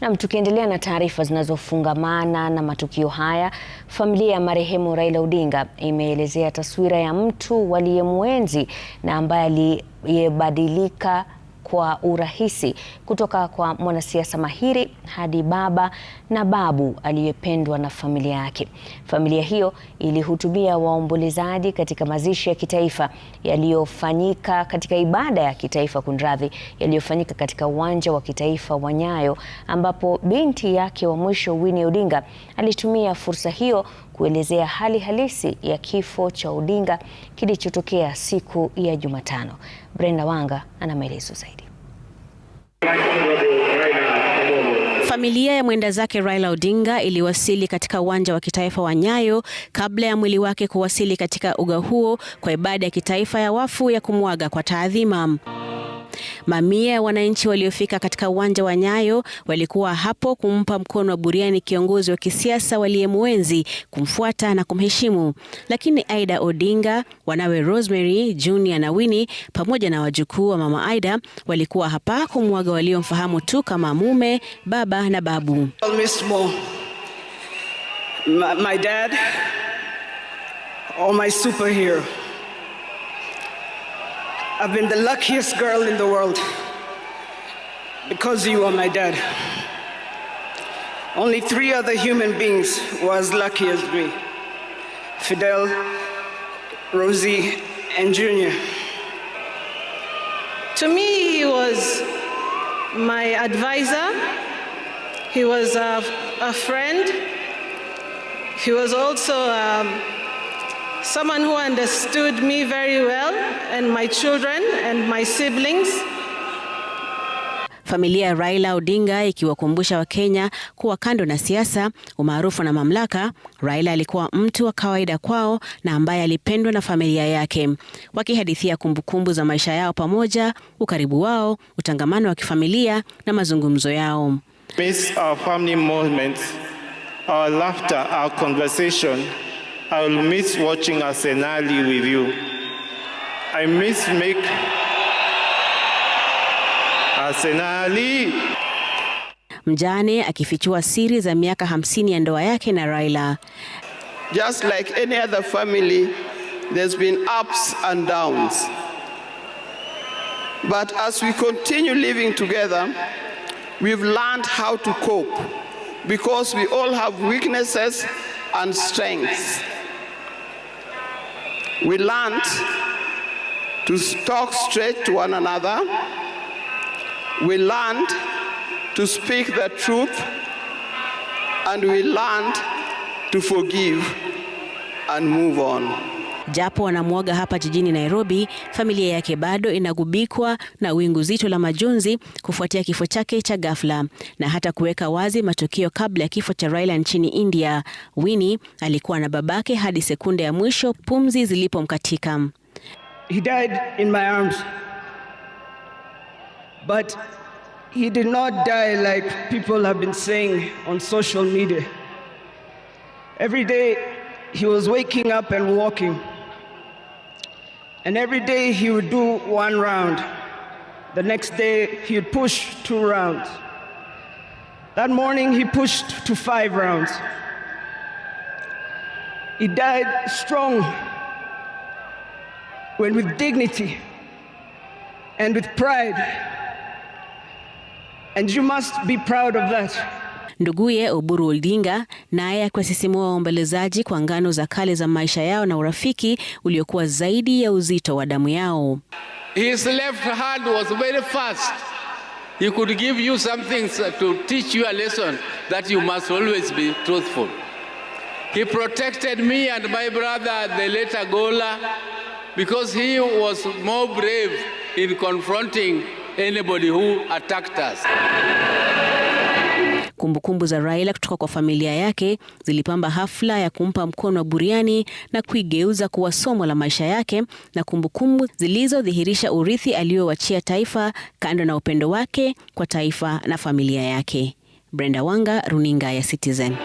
Nam, tukiendelea na taarifa zinazofungamana na matukio haya, familia ya marehemu Raila Odinga imeelezea taswira ya mtu waliyemwenzi na ambaye aliyebadilika kwa urahisi kutoka kwa mwanasiasa mahiri hadi baba na babu aliyependwa na familia yake. Familia hiyo ilihutubia waombolezaji katika mazishi ya kitaifa yaliyofanyika katika ibada ya kitaifa kunradhi, yaliyofanyika katika uwanja wa kitaifa wa Nyayo ambapo binti yake wa mwisho Winnie Odinga alitumia fursa hiyo kuelezea hali halisi ya kifo cha Odinga kilichotokea siku ya Jumatano. Brenda Wanga ana maelezo zaidi. Familia ya mwenda zake Raila Odinga iliwasili katika uwanja wa kitaifa wa Nyayo kabla ya mwili wake kuwasili katika uga huo kwa ibada ya kitaifa ya wafu ya kumwaga kwa taadhima. Mamia ya wananchi waliofika katika uwanja wa Nyayo walikuwa hapo kumpa mkono wa buriani kiongozi wa kisiasa waliyemwenzi, kumfuata na kumheshimu. Lakini Aida Odinga, wanawe Rosemary, Junior na Winnie pamoja na wajukuu wa mama Aida walikuwa hapa kumwaga waliomfahamu tu kama mume, baba na babu. My dad, or my superhero. I've been the luckiest girl in the world because you are my dad. Only three other human beings were as lucky as me Fidel, Rosie, and Junior. To me, he was my advisor, he was a, a friend, he was also. Um, someone who understood me very well and my children and my siblings. Familia ya Raila Odinga ikiwakumbusha Wakenya kuwa kando na siasa, umaarufu na mamlaka, Raila alikuwa mtu wa kawaida kwao na ambaye alipendwa na familia yake, wakihadithia kumbukumbu za maisha yao pamoja, ukaribu wao, utangamano wa kifamilia na mazungumzo yao. Based our family moments, our laughter, our conversation I will miss watching Arsenali with you. I miss make Arsenali. Mjane akifichua siri za miaka hamsini ya ndoa yake na Raila. Just like any other family, there's been ups and downs. But as we continue living together, we've learned how to cope because we all have weaknesses and strengths. we learned to talk straight to one another. We learned to speak the truth. And we learned to forgive and move on. Japo wanamwaga hapa jijini Nairobi, familia yake bado inagubikwa na wingu zito la majonzi kufuatia kifo chake cha ghafla na hata kuweka wazi matukio kabla ya kifo cha Raila nchini India. Winnie alikuwa na babake hadi sekunde ya mwisho pumzi zilipomkatika. He died in my arms. But he did not die like people have been saying on social media. Every day he was waking up and walking. And every day he would do one round. The next day he would push two rounds. That morning he pushed to five rounds. He died strong, when with dignity and with pride. And you must be proud of that. Nduguye Oburu Odinga naye akiwasisimua waombolezaji kwa ngano za kale za maisha yao na urafiki uliokuwa zaidi ya uzito wa damu yao. His left hand was very fast. He could give you something to teach you a lesson that you must always be truthful. He protected me and my brother, the later Gola, because he was more brave in confronting anybody who attacked us. Kumbukumbu za Raila kutoka kwa familia yake zilipamba hafla ya kumpa mkono wa buriani na kuigeuza kuwa somo la maisha yake na kumbukumbu zilizodhihirisha urithi aliyowachia taifa kando na upendo wake kwa taifa na familia yake. Brenda Wanga, Runinga ya Citizen.